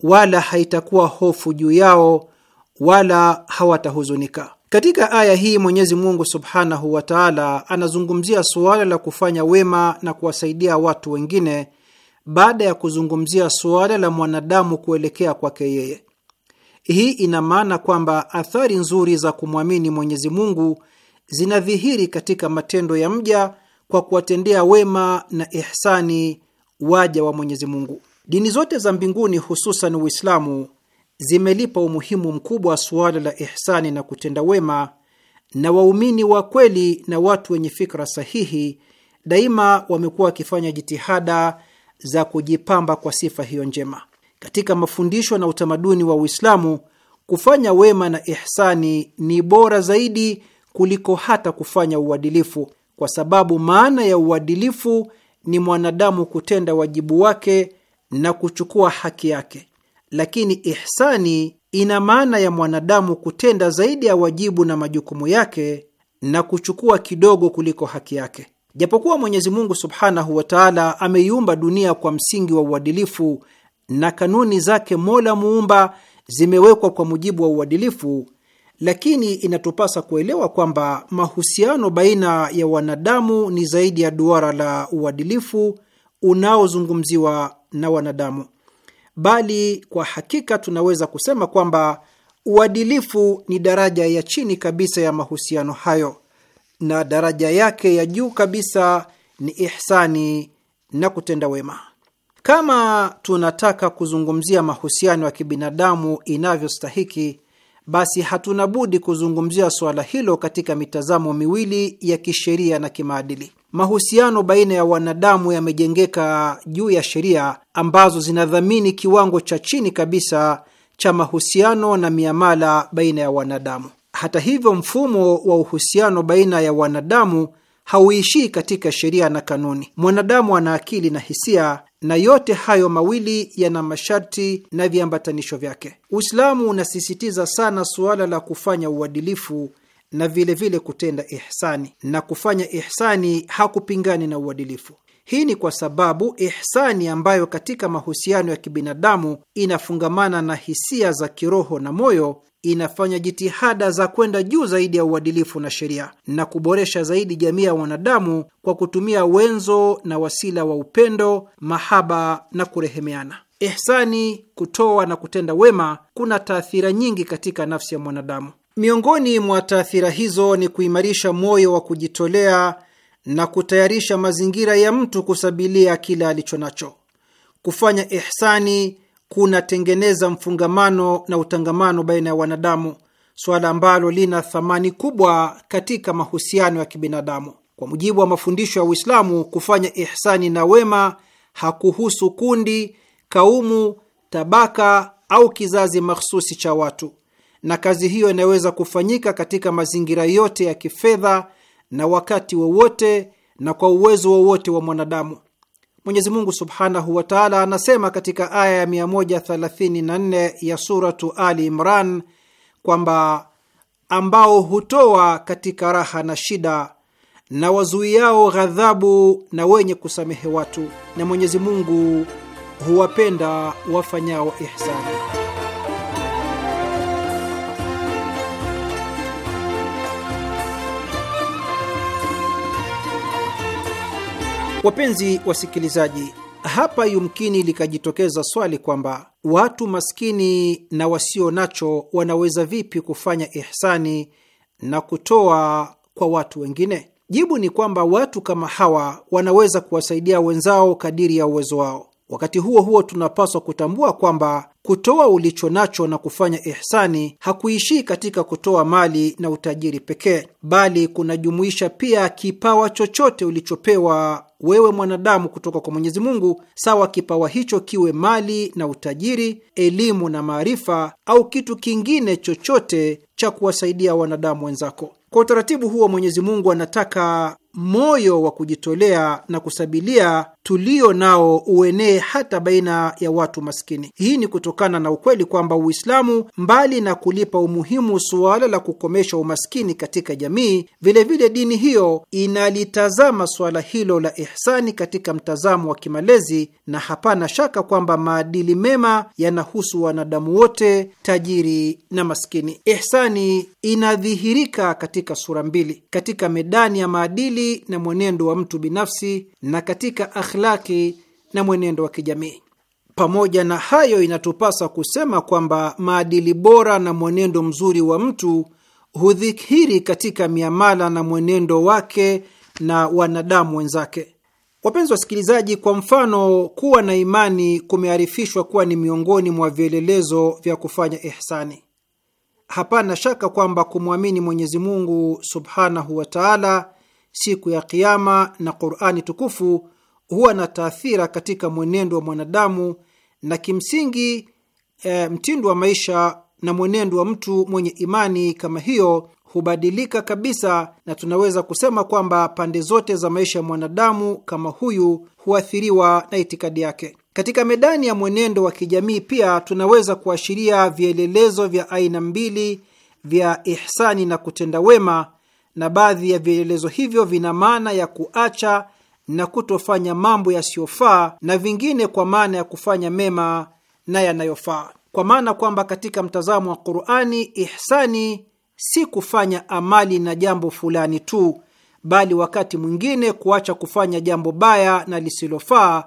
A: wala haitakuwa hofu juu yao wala hawatahuzunika. Katika aya hii Mwenyezi Mungu subhanahu wa taala anazungumzia suala la kufanya wema na kuwasaidia watu wengine baada ya kuzungumzia suala la mwanadamu kuelekea kwake yeye. Hii ina maana kwamba athari nzuri za kumwamini Mwenyezi Mungu zinadhihiri katika matendo ya mja kwa kuwatendea wema na ihsani waja wa Mwenyezi Mungu. Dini zote za mbinguni, hususan Uislamu, zimelipa umuhimu mkubwa suala la ihsani na kutenda wema, na waumini wa kweli na watu wenye fikra sahihi daima wamekuwa wakifanya jitihada za kujipamba kwa sifa hiyo njema. Katika mafundisho na utamaduni wa Uislamu, kufanya wema na ihsani ni bora zaidi kuliko hata kufanya uadilifu, kwa sababu maana ya uadilifu ni mwanadamu kutenda wajibu wake na kuchukua haki yake, lakini ihsani ina maana ya mwanadamu kutenda zaidi ya wajibu na majukumu yake na kuchukua kidogo kuliko haki yake. Japokuwa Mwenyezi Mungu subhanahu wa taala ameiumba dunia kwa msingi wa uadilifu na kanuni zake Mola muumba zimewekwa kwa mujibu wa uadilifu, lakini inatupasa kuelewa kwamba mahusiano baina ya wanadamu ni zaidi ya duara la uadilifu unaozungumziwa na wanadamu, bali kwa hakika tunaweza kusema kwamba uadilifu ni daraja ya chini kabisa ya mahusiano hayo na daraja yake ya juu kabisa ni ihsani na kutenda wema. Kama tunataka kuzungumzia mahusiano ya kibinadamu inavyostahiki, basi hatuna budi kuzungumzia suala hilo katika mitazamo miwili ya kisheria na kimaadili mahusiano baina ya wanadamu yamejengeka juu ya sheria ambazo zinadhamini kiwango cha chini kabisa cha mahusiano na miamala baina ya wanadamu. Hata hivyo, mfumo wa uhusiano baina ya wanadamu hauishii katika sheria na kanuni. Mwanadamu ana akili na hisia, na yote hayo mawili yana masharti na viambatanisho vyake. Uislamu unasisitiza sana suala la kufanya uadilifu na vilevile vile kutenda ihsani, na kufanya ihsani hakupingani na uadilifu. Hii ni kwa sababu ihsani ambayo katika mahusiano ya kibinadamu inafungamana na hisia za kiroho na moyo inafanya jitihada za kwenda juu zaidi ya uadilifu na sheria na kuboresha zaidi jamii ya wanadamu kwa kutumia wenzo na wasila wa upendo, mahaba na kurehemeana. Ihsani, kutoa na kutenda wema, kuna taathira nyingi katika nafsi ya mwanadamu. Miongoni mwa taathira hizo ni kuimarisha moyo wa kujitolea na kutayarisha mazingira ya mtu kusabilia kila alicho nacho. Kufanya ihsani kunatengeneza mfungamano na utangamano baina ya wanadamu, suala ambalo lina thamani kubwa katika mahusiano ya kibinadamu. Kwa mujibu wa mafundisho ya Uislamu, kufanya ihsani na wema hakuhusu kundi, kaumu, tabaka au kizazi mahsusi cha watu na kazi hiyo inaweza kufanyika katika mazingira yote ya kifedha na wakati wowote wa na kwa uwezo wowote wa, wa mwanadamu. Mwenyezi Mungu subhanahu wa taala anasema katika aya ya 134 ya Suratu Ali Imran kwamba ambao hutoa katika raha na shida na wazuiao ghadhabu na wenye kusamehe watu, na Mwenyezi Mungu huwapenda wafanyao ihsani. Wapenzi wasikilizaji, hapa yumkini likajitokeza swali kwamba watu maskini na wasio nacho wanaweza vipi kufanya ihsani na kutoa kwa watu wengine? Jibu ni kwamba watu kama hawa wanaweza kuwasaidia wenzao kadiri ya uwezo wao. Wakati huo huo, tunapaswa kutambua kwamba kutoa ulicho nacho na kufanya ihsani hakuishii katika kutoa mali na utajiri pekee, bali kunajumuisha pia kipawa chochote ulichopewa wewe mwanadamu kutoka kwa Mwenyezi Mungu, sawa kipawa hicho kiwe mali na utajiri, elimu na maarifa, au kitu kingine chochote cha kuwasaidia wanadamu wenzako. Kwa utaratibu huo, Mwenyezi Mungu anataka moyo wa kujitolea na kusabilia tulio nao uenee hata baina ya watu maskini. Hii ni kutokana na ukweli kwamba Uislamu, mbali na kulipa umuhimu suala la kukomesha umaskini katika jamii, vilevile vile dini hiyo inalitazama suala hilo la ihsani katika mtazamo wa kimalezi, na hapana shaka kwamba maadili mema yanahusu wanadamu wote, tajiri na maskini. Ihsani fulani inadhihirika katika sura mbili: katika medani ya maadili na mwenendo wa mtu binafsi, na katika akhlaki na mwenendo wa kijamii. Pamoja na hayo, inatupasa kusema kwamba maadili bora na mwenendo mzuri wa mtu hudhihiri katika miamala na mwenendo wake na wanadamu wenzake. Wapenzi wasikilizaji, kwa mfano, kuwa na imani kumearifishwa kuwa ni miongoni mwa vielelezo vya kufanya ihsani hapana shaka kwamba kumwamini Mwenyezi Mungu subhanahu wa taala, siku ya Kiama na Qurani tukufu huwa na taathira katika mwenendo wa mwanadamu na kimsingi e, mtindo wa maisha na mwenendo wa mtu mwenye imani kama hiyo hubadilika kabisa, na tunaweza kusema kwamba pande zote za maisha ya mwanadamu kama huyu huathiriwa na itikadi yake. Katika medani ya mwenendo wa kijamii pia tunaweza kuashiria vielelezo vya aina mbili vya ihsani na kutenda wema, na baadhi ya vielelezo hivyo vina maana ya kuacha na kutofanya mambo yasiyofaa na vingine kwa maana ya kufanya mema na yanayofaa, kwa maana kwamba katika mtazamo wa Qur'ani, ihsani si kufanya amali na jambo fulani tu, bali wakati mwingine kuacha kufanya jambo baya na lisilofaa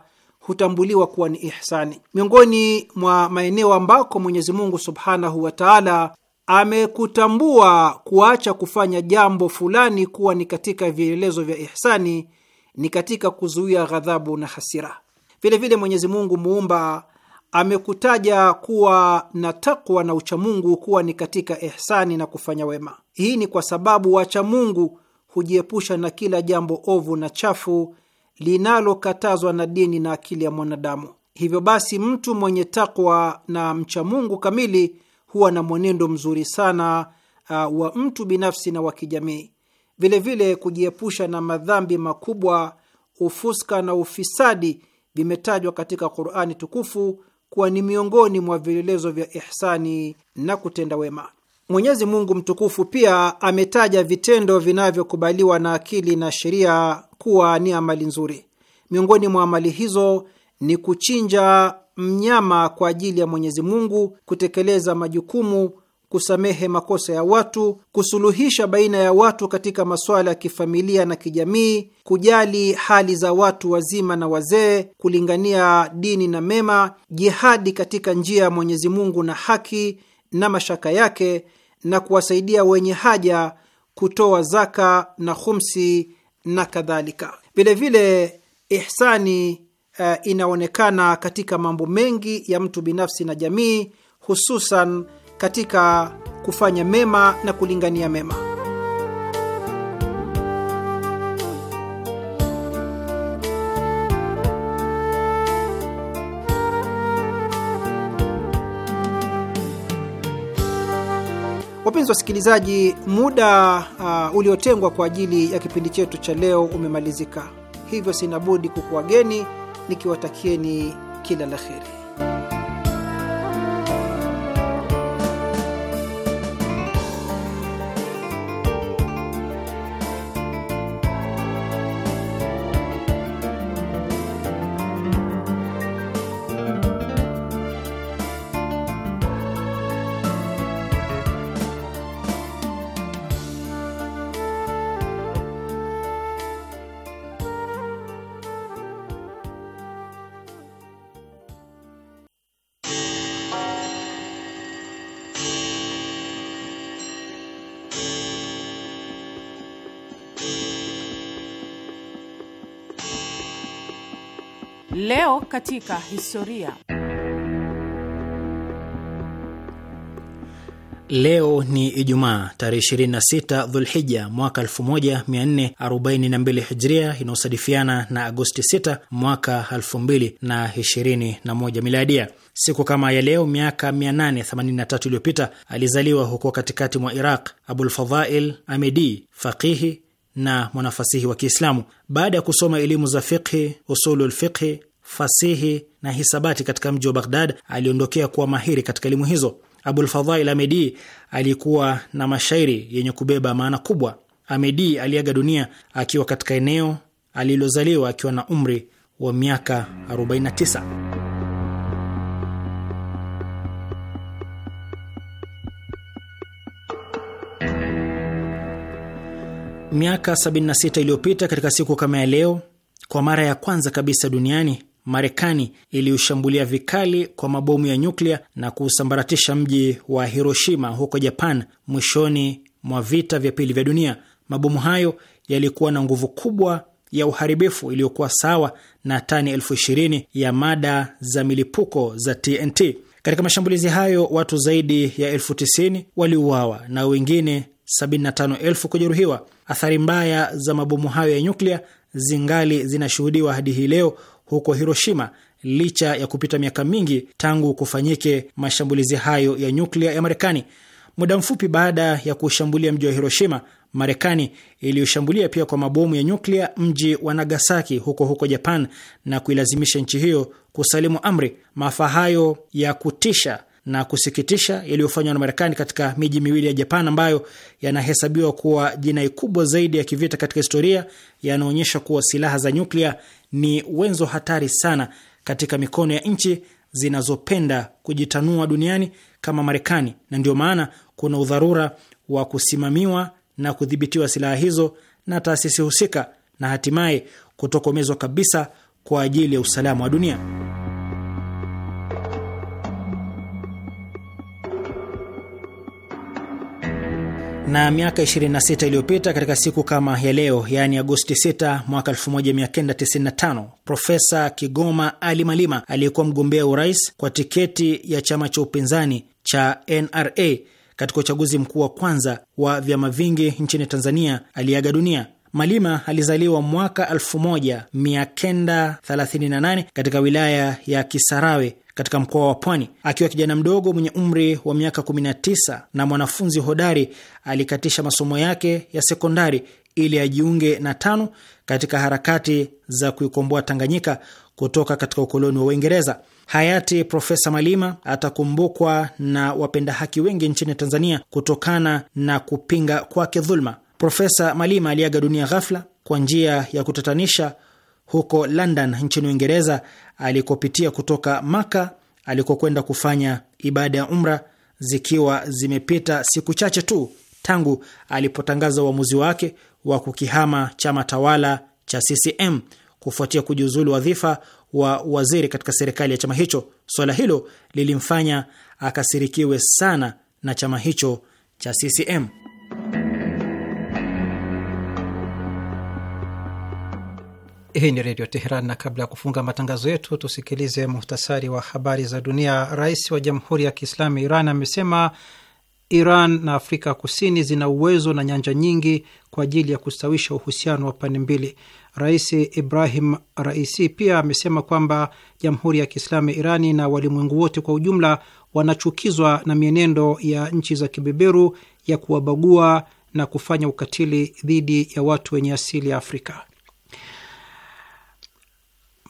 A: hutambuliwa kuwa ni ihsani. Miongoni mwa maeneo ambako Mwenyezi Mungu subhanahu wa taala amekutambua kuacha kufanya jambo fulani kuwa ni katika vielelezo vya ihsani ni katika kuzuia ghadhabu na hasira. Vilevile Mwenyezi Mungu muumba amekutaja kuwa na takwa na uchamungu kuwa ni katika ihsani na kufanya wema. Hii ni kwa sababu wachamungu hujiepusha na kila jambo ovu na chafu linalokatazwa na dini na akili ya mwanadamu. Hivyo basi, mtu mwenye takwa na mchamungu kamili huwa na mwenendo mzuri sana uh, wa mtu binafsi na wa kijamii, vilevile kujiepusha na madhambi makubwa, ufuska na ufisadi vimetajwa katika Qur'ani tukufu kuwa ni miongoni mwa vielelezo vya ihsani na kutenda wema. Mwenyezi Mungu mtukufu pia ametaja vitendo vinavyokubaliwa na akili na sheria kuwa ni amali nzuri. Miongoni mwa amali hizo ni kuchinja mnyama kwa ajili ya Mwenyezi Mungu, kutekeleza majukumu, kusamehe makosa ya watu, kusuluhisha baina ya watu katika masuala ya kifamilia na kijamii, kujali hali za watu wazima na wazee, kulingania dini na mema, jihadi katika njia ya Mwenyezi Mungu na haki na mashaka yake na kuwasaidia wenye haja kutoa zaka na khumsi na kadhalika. Vilevile ihsani uh, inaonekana katika mambo mengi ya mtu binafsi na jamii, hususan katika kufanya mema na kulingania mema. Wapenzi wasikilizaji, muda uh, uliotengwa kwa ajili ya kipindi chetu cha leo umemalizika, hivyo sina budi kukuwageni nikiwatakieni kila la heri.
B: katika historia.
E: Leo ni Ijumaa tarehe 26 Dhulhija mwaka 1442 Hijria, inayosadifiana na Agosti 6 mwaka 2021 Miladia. Siku kama ya leo miaka 883 iliyopita alizaliwa huko katikati mwa Iraq Abulfadhail Amedi, faqihi na mwanafasihi wa Kiislamu. Baada ya kusoma elimu za fiqhi, usulul fiqhi fasihi na hisabati katika mji wa Baghdad, aliondokea kuwa mahiri katika elimu hizo. Abulfadhail Amedi alikuwa na mashairi yenye kubeba maana kubwa. Amedi aliaga dunia akiwa katika eneo alilozaliwa akiwa na umri wa miaka 49. Miaka 76 iliyopita katika siku kama ya leo, kwa mara ya kwanza kabisa duniani Marekani iliushambulia vikali kwa mabomu ya nyuklia na kuusambaratisha mji wa Hiroshima huko Japan mwishoni mwa vita vya pili vya dunia. Mabomu hayo yalikuwa na nguvu kubwa ya uharibifu iliyokuwa sawa na tani elfu ishirini ya mada za milipuko za TNT. Katika mashambulizi hayo watu zaidi ya elfu tisini waliuawa na wengine 75,000 kujeruhiwa. Athari mbaya za mabomu hayo ya nyuklia zingali zinashuhudiwa hadi hii leo, huko Hiroshima, licha ya kupita miaka mingi tangu kufanyike mashambulizi hayo ya nyuklia ya Marekani. Muda mfupi baada ya kushambulia mji wa Hiroshima, Marekani iliyoshambulia pia kwa mabomu ya nyuklia mji wa Nagasaki huko huko Japan na kuilazimisha nchi hiyo kusalimu amri. Maafa hayo ya kutisha na kusikitisha yaliyofanywa na Marekani katika miji miwili ya Japan ambayo yanahesabiwa kuwa jinai kubwa zaidi ya kivita katika historia yanaonyesha kuwa silaha za nyuklia ni wenzo hatari sana katika mikono ya nchi zinazopenda kujitanua duniani kama Marekani, na ndio maana kuna udharura wa kusimamiwa na kudhibitiwa silaha hizo na taasisi husika na hatimaye kutokomezwa kabisa kwa ajili ya usalama wa dunia. na miaka 26 iliyopita katika siku kama ya leo, yaani Agosti 6 mwaka 1995, Profesa Kigoma Ali Malima aliyekuwa mgombea urais kwa tiketi ya chama cha upinzani cha NRA katika uchaguzi mkuu wa kwanza wa vyama vingi nchini Tanzania aliaga dunia. Malima alizaliwa mwaka 1938 katika wilaya ya Kisarawe katika mkoa wa Pwani. Akiwa kijana mdogo mwenye umri wa miaka 19 na mwanafunzi hodari, alikatisha masomo yake ya sekondari ili ajiunge na TANU katika harakati za kuikomboa Tanganyika kutoka katika ukoloni wa Uingereza. Hayati Profesa Malima atakumbukwa na wapenda haki wengi nchini Tanzania kutokana na kupinga kwake dhuluma. Profesa Malima aliaga dunia ghafla kwa njia ya kutatanisha huko London nchini Uingereza alikopitia kutoka Maka alikokwenda kufanya ibada ya umra, zikiwa zimepita siku chache tu tangu alipotangaza uamuzi wake wa kukihama chama tawala cha CCM kufuatia kujiuzulu wadhifa wa waziri katika serikali ya chama hicho. Swala hilo lilimfanya akasirikiwe sana na chama hicho cha
A: CCM. Hii ni Redio Teheran, na kabla ya kufunga matangazo yetu tusikilize muhtasari wa habari za dunia. Rais wa Jamhuri ya Kiislamu Iran amesema Iran na Afrika Kusini zina uwezo na nyanja nyingi kwa ajili ya kustawisha uhusiano wa pande mbili. Rais Ibrahim Raisi pia amesema kwamba Jamhuri ya Kiislamu ya Irani na walimwengu wote kwa ujumla wanachukizwa na mienendo ya nchi za kibeberu ya kuwabagua na kufanya ukatili dhidi ya watu wenye asili ya Afrika.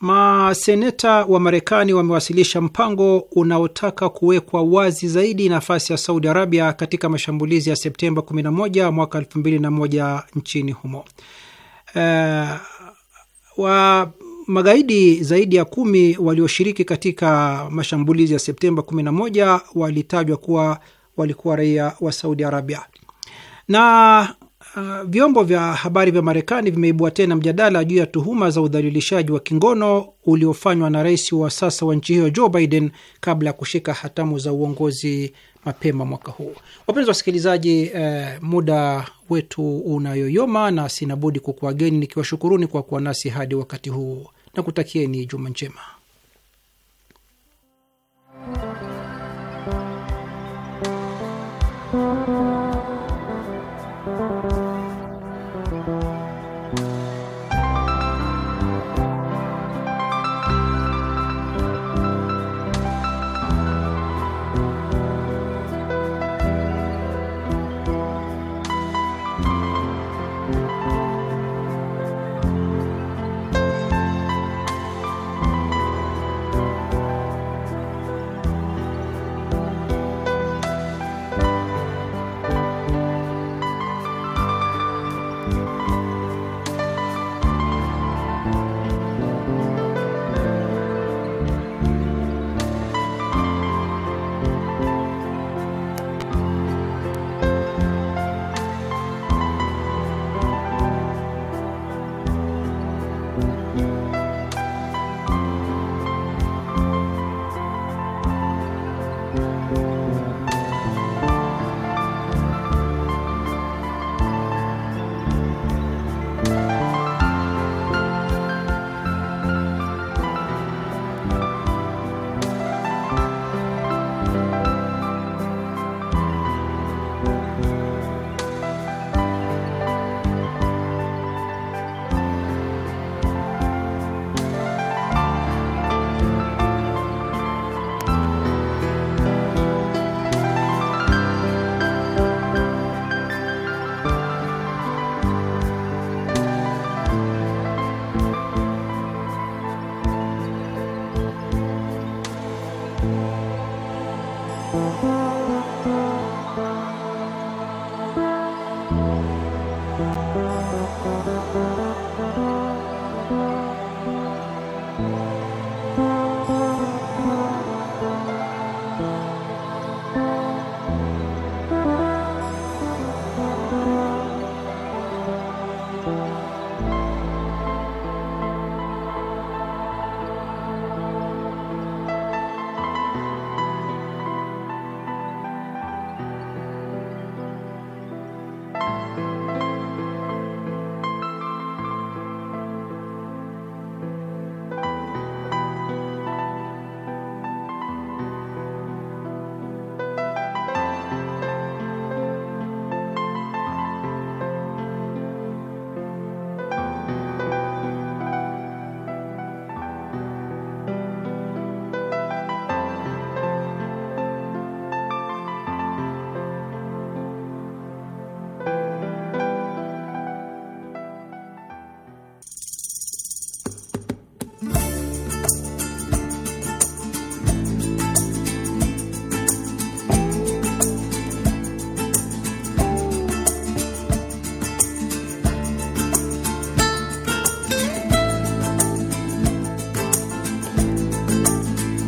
A: Maseneta wa Marekani wamewasilisha mpango unaotaka kuwekwa wazi zaidi nafasi ya Saudi Arabia katika mashambulizi ya Septemba 11 mwaka 2001 nchini humo. Uh, wa magaidi zaidi ya kumi walioshiriki katika mashambulizi ya Septemba 11 walitajwa kuwa walikuwa raia wa Saudi Arabia na Uh, vyombo vya habari vya Marekani vimeibua tena mjadala juu ya tuhuma za udhalilishaji wa kingono uliofanywa na rais wa sasa wa nchi hiyo Joe Biden kabla ya kushika hatamu za uongozi mapema mwaka huu. Wapenzi wasikilizaji, eh, muda wetu unayoyoma na sina budi kukuageni nikiwashukuruni kwa kuwa nasi hadi wakati huu na kutakieni juma njema.